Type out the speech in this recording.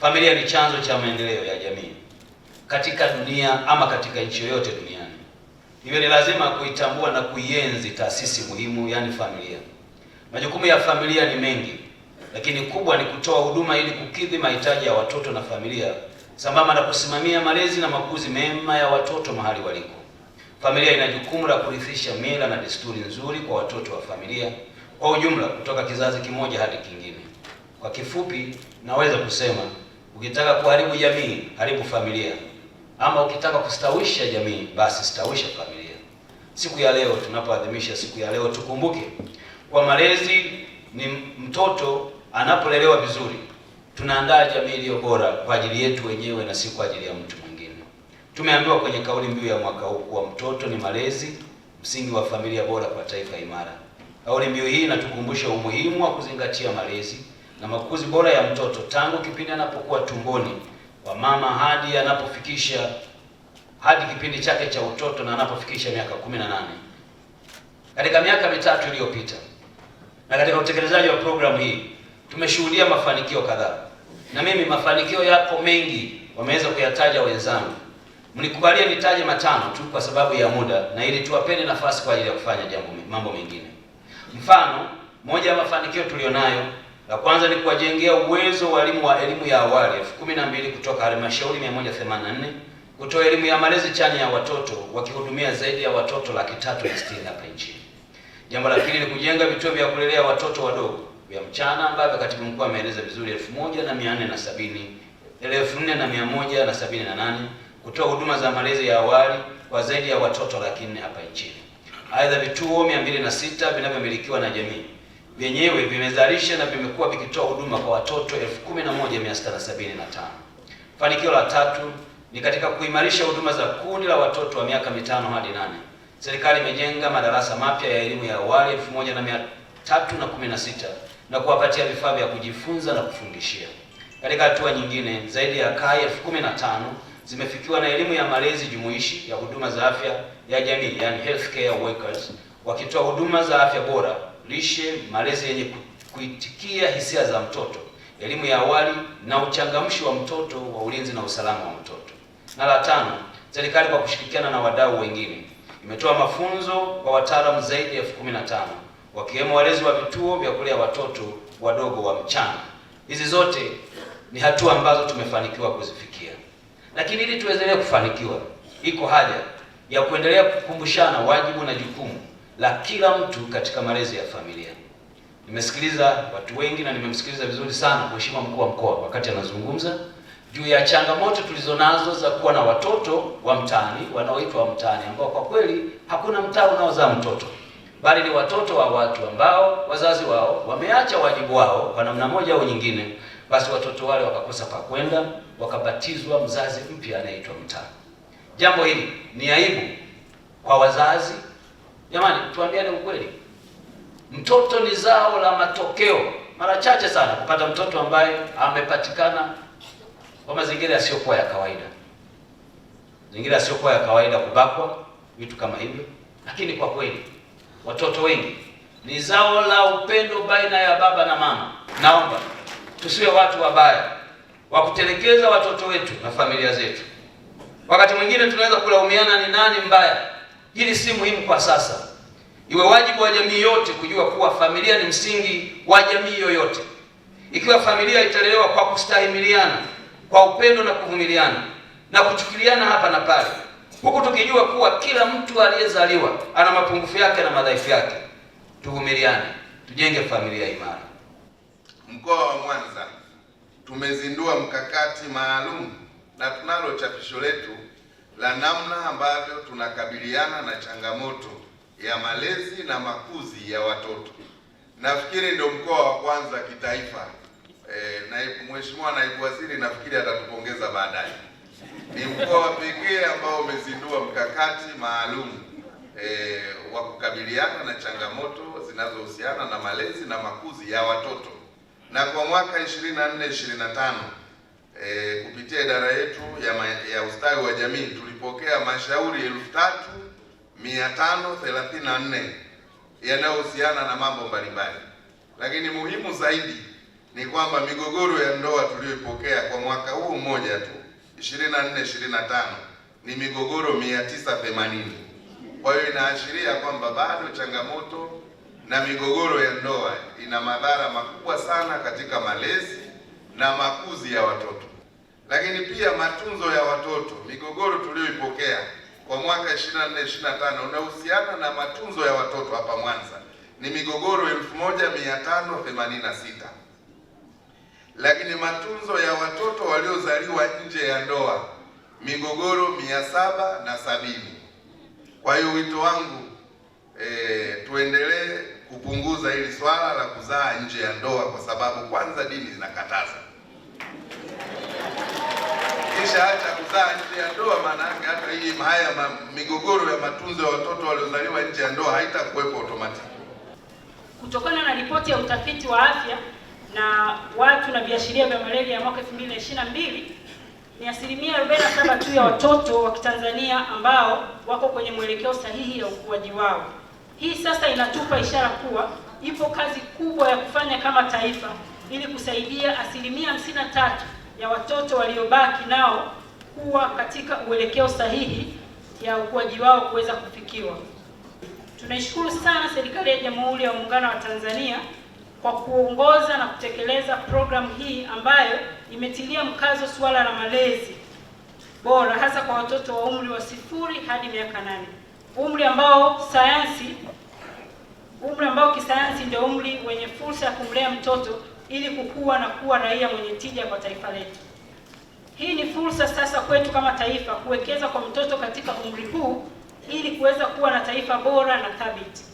Familia ni chanzo cha maendeleo ya jamii katika dunia ama katika nchi yoyote duniani. Hivyo ni lazima kuitambua na kuienzi taasisi muhimu, yaani familia. Majukumu ya familia ni mengi, lakini kubwa ni kutoa huduma ili kukidhi mahitaji ya watoto na familia, sambamba na kusimamia malezi na makuzi mema ya watoto mahali waliko. Familia ina jukumu la kurithisha mila na desturi nzuri kwa watoto wa familia kwa ujumla, kutoka kizazi kimoja hadi kingine. Kwa kifupi, naweza kusema Ukitaka kuharibu jamii, haribu familia, ama ukitaka kustawisha jamii, basi stawisha familia. Siku ya leo tunapoadhimisha siku ya leo, tukumbuke kwa malezi ni mtoto anapolelewa vizuri, tunaandaa jamii iliyo bora kwa ajili yetu wenyewe na si kwa ajili ya mtu mwingine. Tumeambiwa kwenye kauli mbiu ya mwaka huu kuwa mtoto ni malezi, msingi wa familia bora kwa taifa imara. Kauli mbiu hii inatukumbusha umuhimu wa kuzingatia malezi na makuzi bora ya mtoto tangu kipindi anapokuwa tumboni kwa mama hadi anapofikisha hadi kipindi chake cha utoto na anapofikisha miaka 18. Katika miaka mitatu iliyopita na katika utekelezaji wa programu hii tumeshuhudia mafanikio kadhaa, na mimi mafanikio yako mengi wameweza kuyataja wenzangu. Mnikubalie nitaje matano tu kwa sababu ya muda na ili tuwapeni nafasi kwa ajili ya kufanya jambo mambo mengine. Mfano, moja ya mafanikio tulionayo la kwanza ni kuwajengea uwezo walimu wa elimu ya awali elfu kumi na mbili kutoka halmashauri 184 kutoa elimu ya malezi chanya ya watoto wakihudumia zaidi ya watoto laki tatu na sitini hapa nchini. Jambo la pili ni kujenga vituo vya kulelea watoto wadogo vya mchana ambavyo katibu mkuu ameeleza vizuri elfu moja na mia nne na sabini elfu nne na mia moja na sabini na nane kutoa huduma za malezi ya awali kwa zaidi ya watoto laki nne hapa nchini. Aidha, vituo 206 vinavyomilikiwa na jamii vyenyewe vimezalisha na vimekuwa vikitoa huduma kwa watoto 11675. Fanikio la tatu ni katika kuimarisha huduma za kundi la watoto wa miaka mitano hadi nane. Serikali imejenga madarasa mapya ya elimu ya awali 1316 na kuwapatia vifaa vya kujifunza na kufundishia. Katika hatua nyingine, zaidi ya kaya elfu zimefikiwa na elimu ya malezi jumuishi ya huduma za afya ya jamii, yani healthcare workers, wakitoa huduma za afya bora lishe, malezi yenye kuitikia hisia za mtoto, elimu ya awali na uchangamshi wa mtoto wa ulinzi na usalama wa mtoto. Na la tano, serikali kwa kushirikiana na wadau wengine imetoa mafunzo kwa wataalamu zaidi ya elfu kumi na tano wakiwemo walezi wa vituo vya kulea watoto wadogo wa mchana. Hizi zote ni hatua ambazo tumefanikiwa kuzifikia, lakini ili tuendelee kufanikiwa, iko haja ya kuendelea kukumbushana wajibu na jukumu la kila mtu katika malezi ya familia. Nimesikiliza watu wengi na nimemsikiliza vizuri sana Mheshimiwa mkuu wa mkoa wakati anazungumza juu ya changamoto tulizonazo za kuwa na watoto wa mtaani wanaoitwa wa mtaani, ambao kwa kweli hakuna mtaa unaozaa mtoto, bali ni watoto wa watu ambao wazazi wao wameacha wajibu wao kwa namna moja au nyingine, basi watoto wale wakakosa pa kwenda, wakabatizwa mzazi mpya anayeitwa mtaa. Jambo hili ni aibu kwa wazazi Jamani, tuambiane ukweli, mtoto ni zao la matokeo. Mara chache sana kupata mtoto ambaye amepatikana kwa mazingira yasiyokuwa ya kawaida, mazingira yasiyokuwa ya kawaida, kubakwa, vitu kama hivyo. Lakini kwa kweli watoto wengi ni zao la upendo baina ya baba na mama. Naomba tusiwe watu wabaya wa kutelekeza watoto wetu na familia zetu. Wakati mwingine tunaweza kulaumiana, ni nani mbaya Hili si muhimu kwa sasa. Iwe wajibu wa jamii yote kujua kuwa familia ni msingi wa jamii yoyote. Ikiwa familia italelewa kwa kustahimiliana, kwa upendo na kuvumiliana na kuchukuliana hapa na pale, huku tukijua kuwa kila mtu aliyezaliwa ana mapungufu yake na madhaifu yake, tuvumiliane, tujenge familia imara. Mkoa wa Mwanza tumezindua mkakati maalum na tunalo chapisho letu la namna ambavyo tunakabiliana na changamoto ya malezi na makuzi ya watoto. Nafikiri ndio mkoa wa kwanza kitaifa. E, eh, na Mheshimiwa Naibu Waziri nafikiri atatupongeza baadaye. Ni mkoa pekee ambao umezindua mkakati maalum e, wa kukabiliana na changamoto zinazohusiana na malezi na makuzi ya watoto na kwa mwaka 24 25 e, kupitia idara yetu ya, ya ustawi wa jamii tulipokea mashauri elfu tatu mia tano thelathini na nne yanayohusiana na mambo mbalimbali, lakini muhimu zaidi ni kwamba migogoro ya ndoa tuliyoipokea kwa mwaka huu mmoja tu 24 25 ni migogoro 980. Kwa hiyo inaashiria kwamba bado changamoto na migogoro ya ndoa ina madhara makubwa sana katika malezi na makuzi ya watoto lakini pia matunzo ya watoto. Migogoro tuliyoipokea kwa mwaka 24 25 unahusiana na matunzo ya watoto hapa Mwanza ni migogoro 1586 lakini matunzo ya watoto waliozaliwa nje ya ndoa migogoro mia na Kwa hiyo wito wangu e, tuendelee kupunguza hili swala la kuzaa nje ya ndoa, kwa sababu kwanza dini zinakataza ukishaacha kukaa nje ya ndoa, maana hata hii haya migogoro ya matunzo ya watoto waliozaliwa nje ya ndoa haitakuwepo automatic. Kutokana na ripoti ya utafiti wa afya na watu na viashiria vya malaria ya mwaka 2022 ni asilimia 47 tu ya watoto wa Kitanzania ambao wako kwenye mwelekeo sahihi ya ukuaji wao. Hii sasa inatupa ishara kuwa ipo kazi kubwa ya kufanya kama taifa ili kusaidia asilimia 53 ya watoto waliobaki nao kuwa katika uelekeo sahihi ya ukuaji wao kuweza kufikiwa. Tunaishukuru sana serikali ya Jamhuri ya Muungano wa Tanzania kwa kuongoza na kutekeleza programu hii ambayo imetilia mkazo suala la malezi bora hasa kwa watoto wa umri wa sifuri hadi miaka nane, umri ambao sayansi, umri ambao kisayansi ndio umri wenye fursa ya kumlea mtoto ili kukua na kuwa raia mwenye tija kwa taifa letu. Hii ni fursa sasa kwetu kama taifa kuwekeza kwa mtoto katika umri huu ili kuweza kuwa na taifa bora na thabiti.